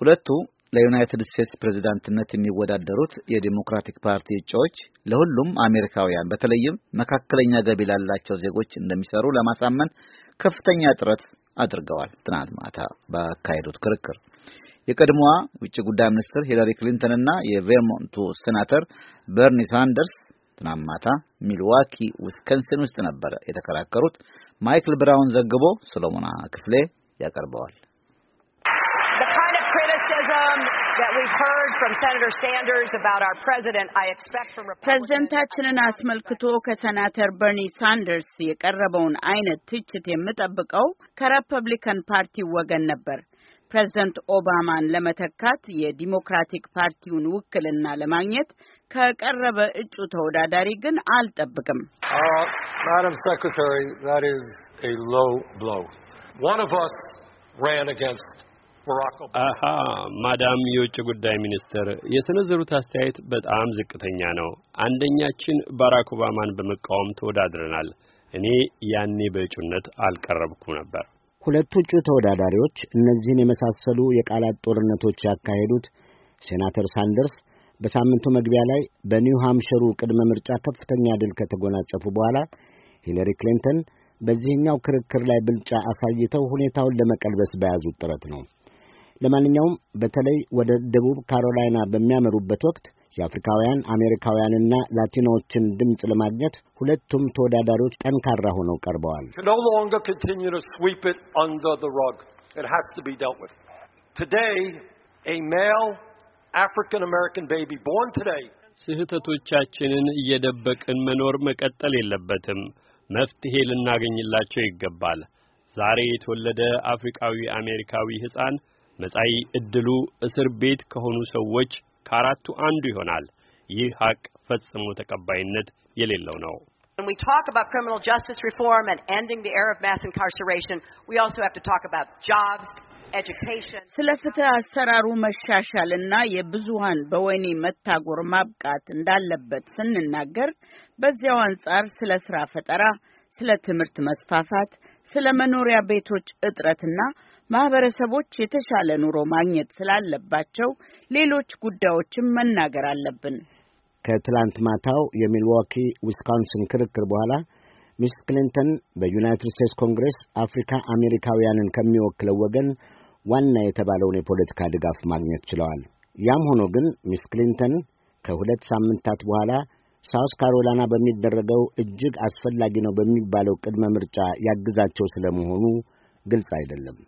ሁለቱ ለዩናይትድ ስቴትስ ፕሬዝዳንትነት የሚወዳደሩት የዲሞክራቲክ ፓርቲ እጩዎች ለሁሉም አሜሪካውያን በተለይም መካከለኛ ገቢ ላላቸው ዜጎች እንደሚሰሩ ለማሳመን ከፍተኛ ጥረት አድርገዋል። ትናንት ማታ ባካሄዱት ክርክር የቀድሞዋ ውጭ ጉዳይ ሚኒስትር ሂላሪ ክሊንተን እና የቬርሞንቱ ሴናተር በርኒ ሳንደርስ ትናንት ማታ ሚልዋኪ ዊስከንሲን ውስጥ ነበረ የተከራከሩት። ማይክል ብራውን ዘግቦ ሰሎሞና ክፍሌ ያቀርበዋል። ፕሬዚደንታችንን አስመልክቶ ከሰናተር በርኒ ሳንደርስ የቀረበውን አይነት ትችት የምጠብቀው ከሪፐብሊካን ፓርቲ ወገን ነበር። ፕሬዝደንት ኦባማን ለመተካት የዲሞክራቲክ ፓርቲውን ውክልና ለማግኘት ከቀረበ እጩ ተወዳዳሪ ግን አልጠብቅም። ማዳም ሴክሬታሪ Barack ማዳም የውጭ ጉዳይ ሚኒስትር የሰነዘሩት አስተያየት በጣም ዝቅተኛ ነው። አንደኛችን ባራክ ኦባማን በመቃወም ተወዳድረናል። እኔ ያኔ በእጩነት አልቀረብኩ ነበር። ሁለቱ እጩ ተወዳዳሪዎች እነዚህን የመሳሰሉ የቃላት ጦርነቶች ያካሄዱት ሴናተር ሳንደርስ በሳምንቱ መግቢያ ላይ በኒው ሃምሸሩ ቅድመ ምርጫ ከፍተኛ ድል ከተጎናጸፉ በኋላ ሂለሪ ክሊንተን በዚህኛው ክርክር ላይ ብልጫ አሳይተው ሁኔታውን ለመቀልበስ በያዙት ጥረት ነው። ለማንኛውም በተለይ ወደ ደቡብ ካሮላይና በሚያመሩበት ወቅት የአፍሪካውያን አሜሪካውያንና ላቲኖዎችን ድምፅ ለማግኘት ሁለቱም ተወዳዳሪዎች ጠንካራ ሆነው ቀርበዋል። ስህተቶቻችንን እየደበቅን መኖር መቀጠል የለበትም። መፍትሄ ልናገኝላቸው ይገባል። ዛሬ የተወለደ አፍሪካዊ አሜሪካዊ ሕፃን መጻኢ ዕድሉ እስር ቤት ከሆኑ ሰዎች ከአራቱ አንዱ ይሆናል። ይህ ሀቅ ፈጽሞ ተቀባይነት የሌለው ነው። When we talk about criminal justice reform and ending the era of mass incarceration, we also have to talk about jobs, education. ስለ ፍትህ አሰራሩ መሻሻልና የብዙሃን በወህኒ መታጎር ማብቃት እንዳለበት ስንናገር በዚያው አንጻር ስለ ስራ ፈጠራ፣ ስለ ትምህርት መስፋፋት፣ ስለ መኖሪያ ቤቶች እጥረትና ማህበረሰቦች የተሻለ ኑሮ ማግኘት ስላለባቸው ሌሎች ጉዳዮችም መናገር አለብን። ከትላንት ማታው የሚልዋኪ ዊስኮንሲን ክርክር በኋላ ሚስ ክሊንተን በዩናይትድ ስቴትስ ኮንግሬስ አፍሪካ አሜሪካውያንን ከሚወክለው ወገን ዋና የተባለውን የፖለቲካ ድጋፍ ማግኘት ችለዋል። ያም ሆኖ ግን ሚስ ክሊንተን ከሁለት ሳምንታት በኋላ ሳውስ ካሮላይና በሚደረገው እጅግ አስፈላጊ ነው በሚባለው ቅድመ ምርጫ ያግዛቸው ስለመሆኑ ግልጽ አይደለም።